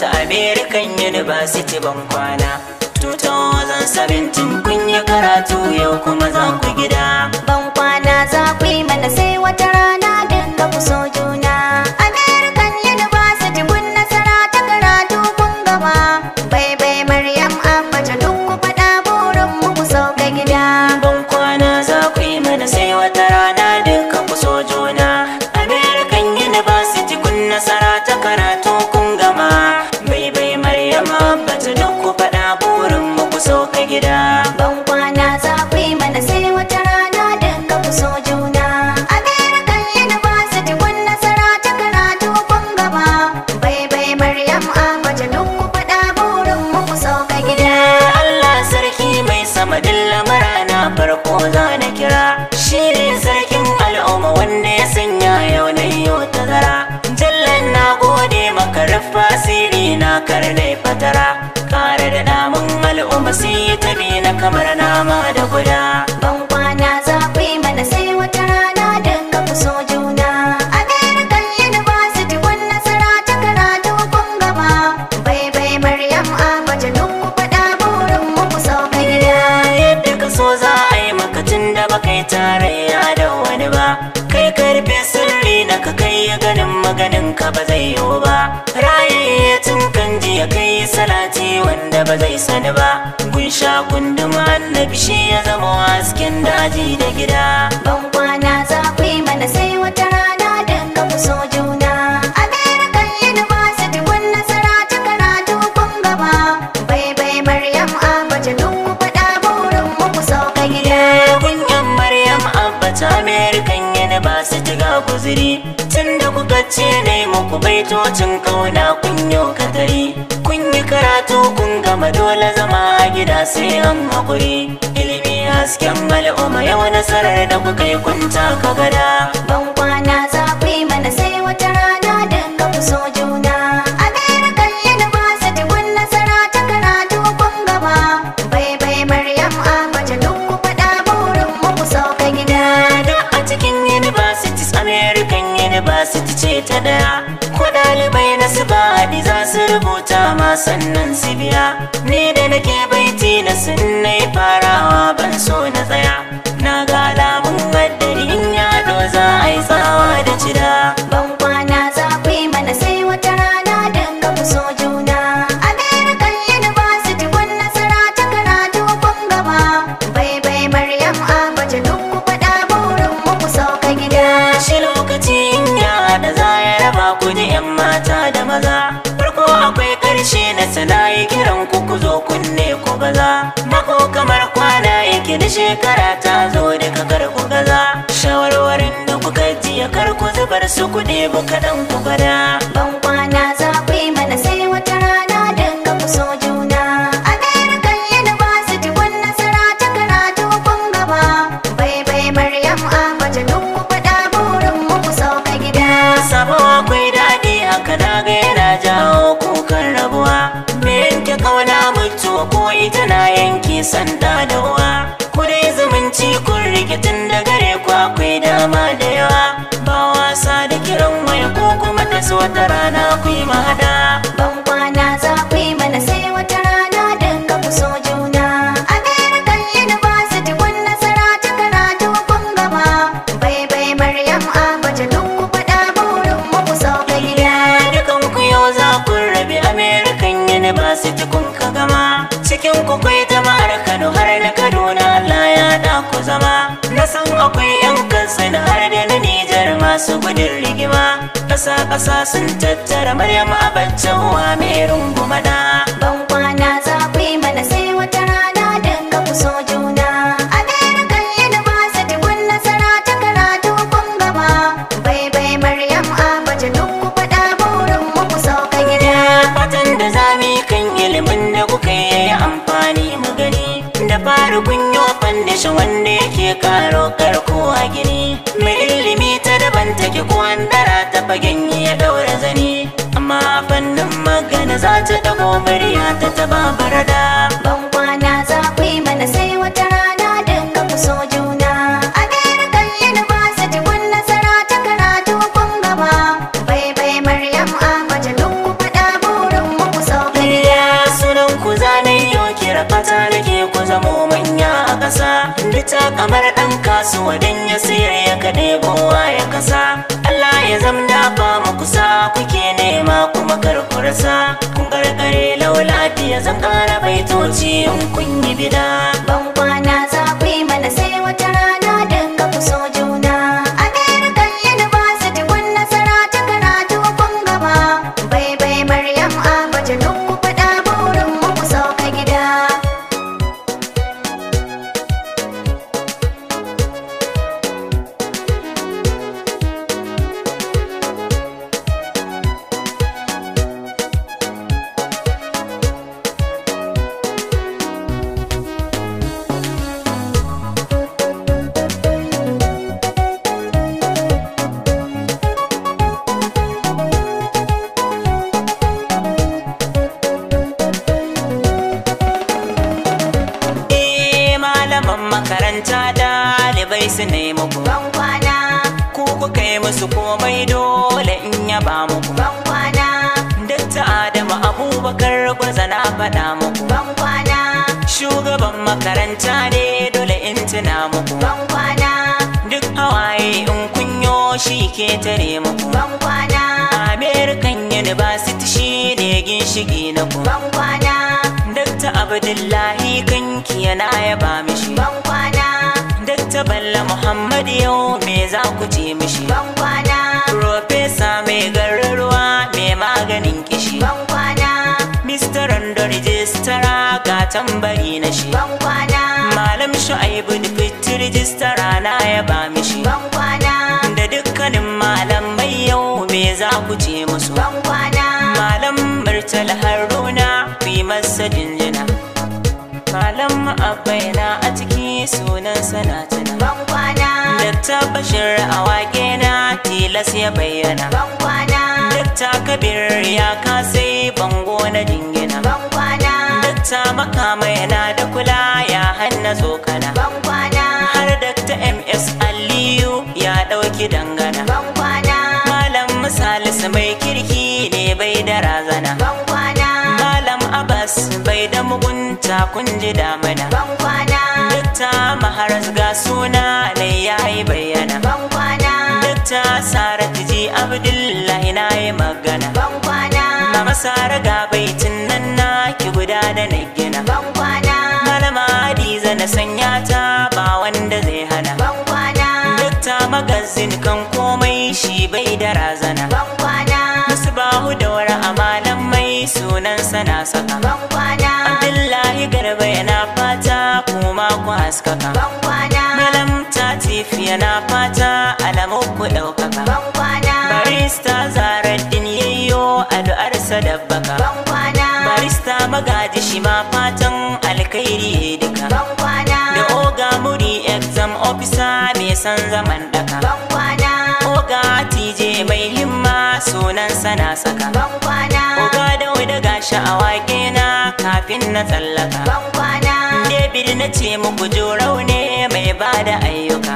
ta American University ban kwana 2017 kun yi karatu yau kuma za ku gida ban kwana za ku yi mana sai wata rana dinga ku so juna kar fatara kare da damun al'umma sai yi tabi na kamar nama da guda ban kwana za ku yi mana sai wata rana don ka fi so juna american university wani nasara ta karatu kun gaba bai bai maryam abaja duk ku faɗa burin mu ku sauka gida yadda ka so za a yi maka tun da baka yi tarayya da wani ba kai karfe sirri na ka kai ganin maganin ka ba zai yiwu ba wanda ba zai sani ba kun sha kunduma annabi shi ya zama hasken daji da gida ban kwana za ku yi mana sai wata rana dinga mu so juna american university kun nasara ta karatu kun gaba bai bai maryam ta duk mu faɗa burin mu ku sauka gida eh, kun yan maryam Abba ta american university ga kuzuri. tun da kuka ce ne muku baitocin kauna kun yau katari karatu kun gama dole zama a gida sai an haƙuri ilimi hasken mal'umma yau nasarar da kuka yi kun taka gada ban kwana za yi mana sai sannan su biya ni da nake baiti na sunnai farawa ban so na tsaya shekara ta zo daga garku gaza shawarwarin da kuka jiya kar ku zubar su kuɗi ba kaɗan ku gada ban kwana za ku yi mana sai wata rana ka ku so juna american university kun nasara ta karatu kun gaba bai bai maryam abaja duk ku faɗa burin mu ku sauka gida sabo akwai daɗi a na ga yana jawo kukan rabuwa me yanke kauna mutuwa ko ita na yanke sanda wata rana ku yi mahada ban kwana za ku yi mana sai wata rana don ka ku so juna american university kun nasara ta karatu kun gaba bai bai maryam abace duk ku faɗa burin mu ku sau gida dukan ku yau za ku rabi american university kun ka gama cikin ku kai jama'ar kano har na kaduna allah ya da ku zama na san akwai yan kansa na har da na masu gudun rigima ƙasa ƙasa sun tattara maryam a baccin wa mai rungumana ban kwana za ku yi mana sai wata rana da ka ku so juna american university kun nasara ta karatu kun gaba bai bai maryam a baje duk ku faɗa burin mu ku sauka gida fatan da yi kan ilimin da kuka yi amfani mu gani da fara kun yi wanda yake karo karko gini ki dara ta fagen ya ɗaura zani amma fannin magana za ta dago murya ta taba barada ban kwana za ku yi mana sai wata rana ka mu so juna a ɗayar kallon nasara ta karatu kun gaba bai bai maryam a mace duk ku faɗa burin mu ku sau sunan ku zanen yau kira fata nake ku zamo manya a ƙasa duk ta kamar ɗan kasuwa don ya siya ka ɗebowa ya kasa Allah ya zamna ba mu kusa kuke nema kuma kar ku rasa kun karkare lau lafiya zan ƙara baitoci in kun yi bida ban kwana za ku yi mana sai mata dalibai su ne muku ban kwana ku kuka yi musu komai dole in ya ba muku ban kwana dakta adamu abubakar gwaza na faɗa muku ban shugaban makaranta ne dole in tuna muku ban duk hawaye in kunyo shi ke tare muku ban kwana american university shi ne na ku ban kwana dakta abdullahi kanki yana yaba mishi ban Da Muhammad yau me za ku ce mishi? Ban Profesa mai garuruwa mai maganin kishi. Ban Mr. Rando Rijistara ga tambari na shi. Ban Malam Shu'aibu da Fitti Rijistara na ya ba mishi. Da dukkanin malamai yau me za ku ce musu? Malam Murtala Haruna fi masa jinjina. Malam akwai na a ciki sunan sanatana. Tabbashin Bashir a na tilas ya bayyana. duk ta Kabir ya kasai bango na jingina. Duk ta Makama yana da kula ya hanna tsokana. bangwana Har ta MS Aliyu ya ɗauki dangana. bangwana Malam Salisu mai kirki ne bai da razana. bangwana Malam Abbas bai da mugunta kunji damana bangwana duk ta Maharas ga suna yi bayyana ban kwana duk ta saratu ji abdullahi na yi magana ban kwana mama sara ga baitin nan na ki guda da na gina ban kwana malama hadiza na sanya ta ba wanda zai hana ban kwana duk magazin kan komai shi bai da razana ban kwana musu bahu wara a mai sunan sana saka ban kwana abdullahi garba yana fata kuma ku haskaka ban yana fata alamu ku ɗaukaka. Barista zarar din yayyo da dabbaka. Barista magaji shi ma fatan alkhairi ya duka. Da oga muri exam officer mai san zaman daka. Oga TJ mai himma sunan na saka. Oga sha daga sha'awa na kafin na tsallaka. jibil nace ce muku jorau ne mai bada ayyuka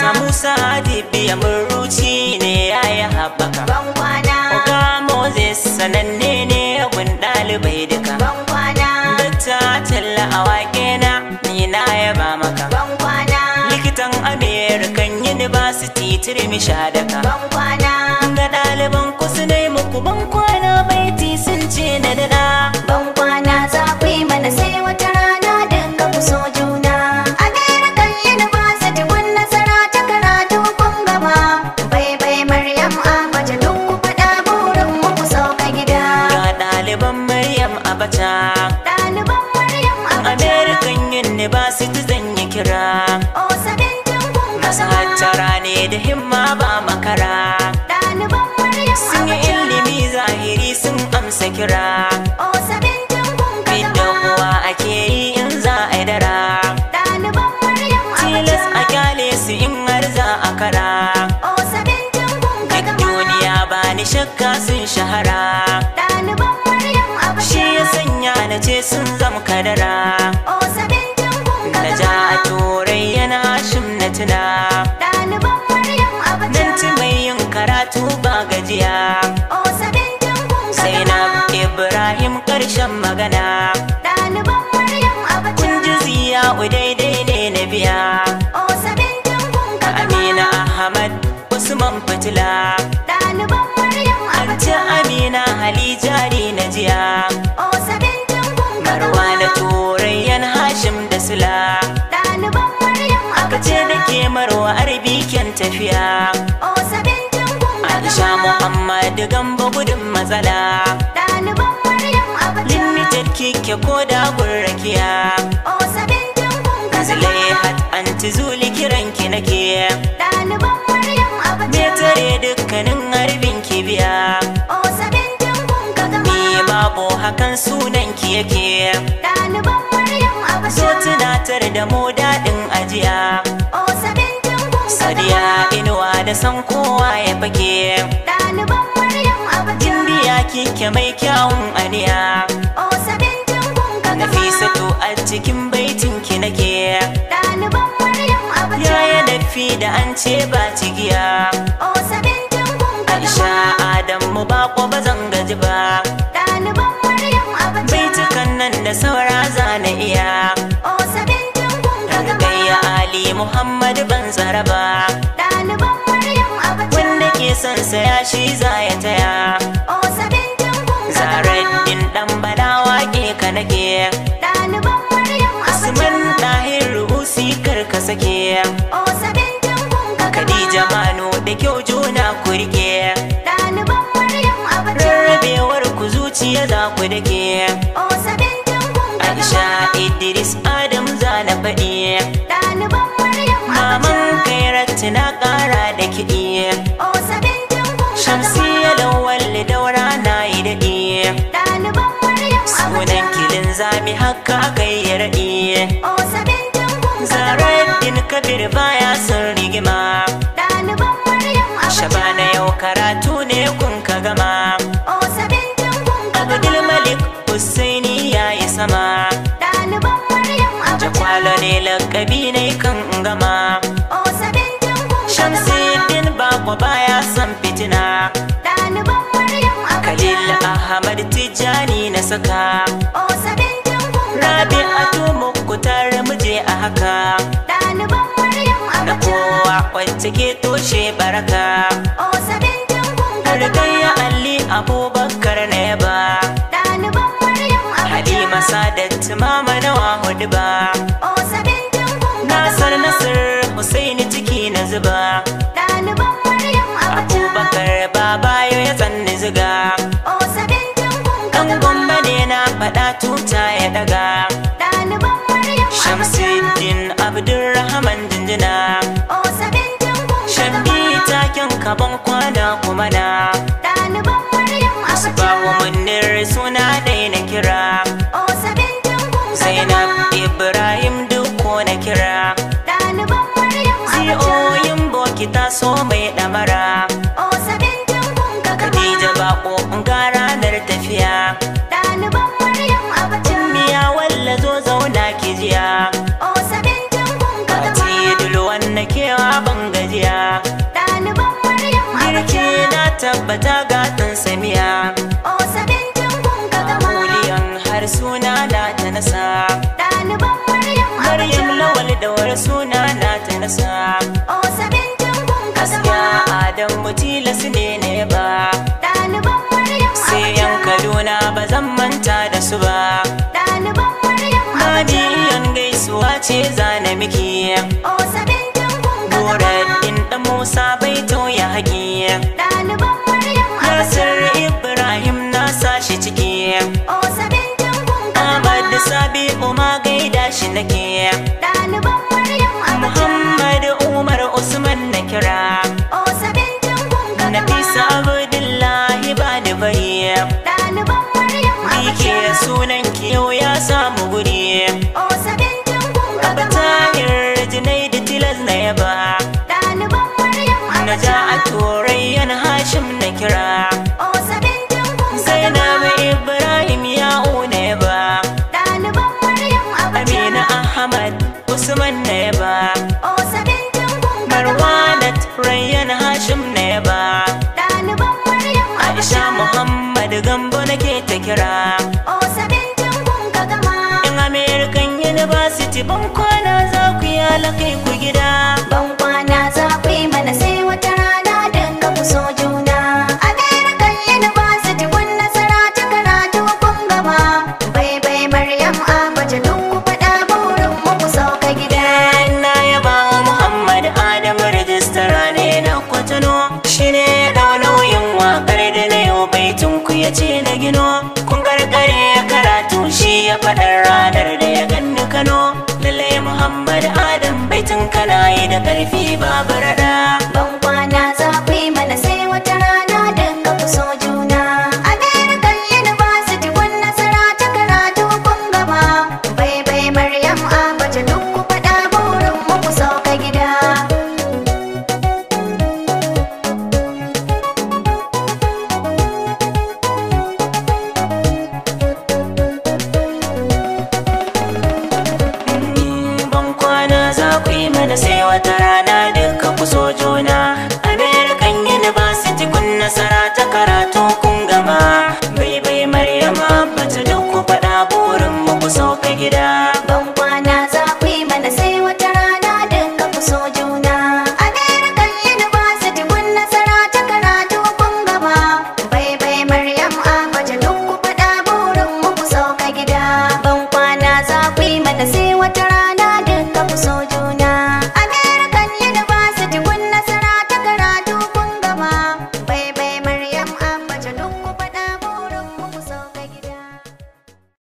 samusa dibiya muruci ne ya yi haɓaka ga moses sananne ne gun ɗalibai duka dakta talla a wake na ni na yaba maka likitan american university tirmi daka ga ɗaliban kusurai. da himma ba makara ɗaliban maryam sun yi ilimi zahiri sun amsa kira o sabin tungun kaza ake yi in za a dara ɗaliban maryam tilas a kyale su in har za a kara o sabin tungun kaza duniya ba ni shakka sun shahara ɗaliban maryam abacha shi ya sanya na ce sun zama kadara o sabin tungun kaza na ja a turai yana shim tuna ƙarshen magana ɗaliban maryam a abacha kun ji ziya daidai ne na biya O osabin dinkun ka amina ahmad wasu man fitila ɗaliban maryam a abacha amina halijari na jiya O osabin dinkun ka marwa na turai yan hashim da sula ɗaliban maryam a ce da ke marwa arbi kyan tafiya O osabin dinkun ka Aisha Muhammad gamba gudun matsala kike ko da gurrakiya o sabin dimbun ka zama Zulehat anti zuli kiran ki nake Daliban Maryam Abacha me tare dukkanin harbin ki biya o sabin dimbun ka zama ni babu hakan sunan ki yake Daliban Maryam Abacha zo tunatar da mu dadin ajiya o sabin dimbun ka Sadiya inuwa da san kowa ya fake Daliban Maryam Abacha kike mai kyawun aniya fito a cikin baitin ki nake ɗaliban maryam abacha yaya nafi da an ce ba cigiya o sabin tangon aisha adamu ba ko ba zan gaji ba ɗaliban maryam abacha baitukan nan da saura za na iya o sabin tangon gagaya ali muhammad ban tsara ba ɗaliban maryam abacha wanda ke son saya shi za ya taya ku rike ɗaliban maryam abuja rarrabewar ku zuciya za ku dake o osabin kun ga aisha idris adam za na faɗi ɗaliban maryam abuja maman kairat na ƙara da kiɗi osabin kun shamsiya lawal daura na yi daɗi ɗaliban maryam abuja sunan kilin zami haka gama ba kwa baya son fitina Ɗaliban Maryam a Khalil Ahmad Tijjani na saka Rabi'atu Muktar muje a haka Ɗaliban Maryam a Na kowa kwance ke toshe baraka mana rasa o sabin tungun gaskiya adam mutila su ne ne ba ɗaliban maryam sai yan kaduna ba zan manta da su ba ɗaliban maryam hadiyan gaisuwa ce zana miki o sabin tankun kasa samu guri o sabin tun kun ga gama tahir jinai da tilas na yaba ɗaliban maryam a na ja a turai yan hashim na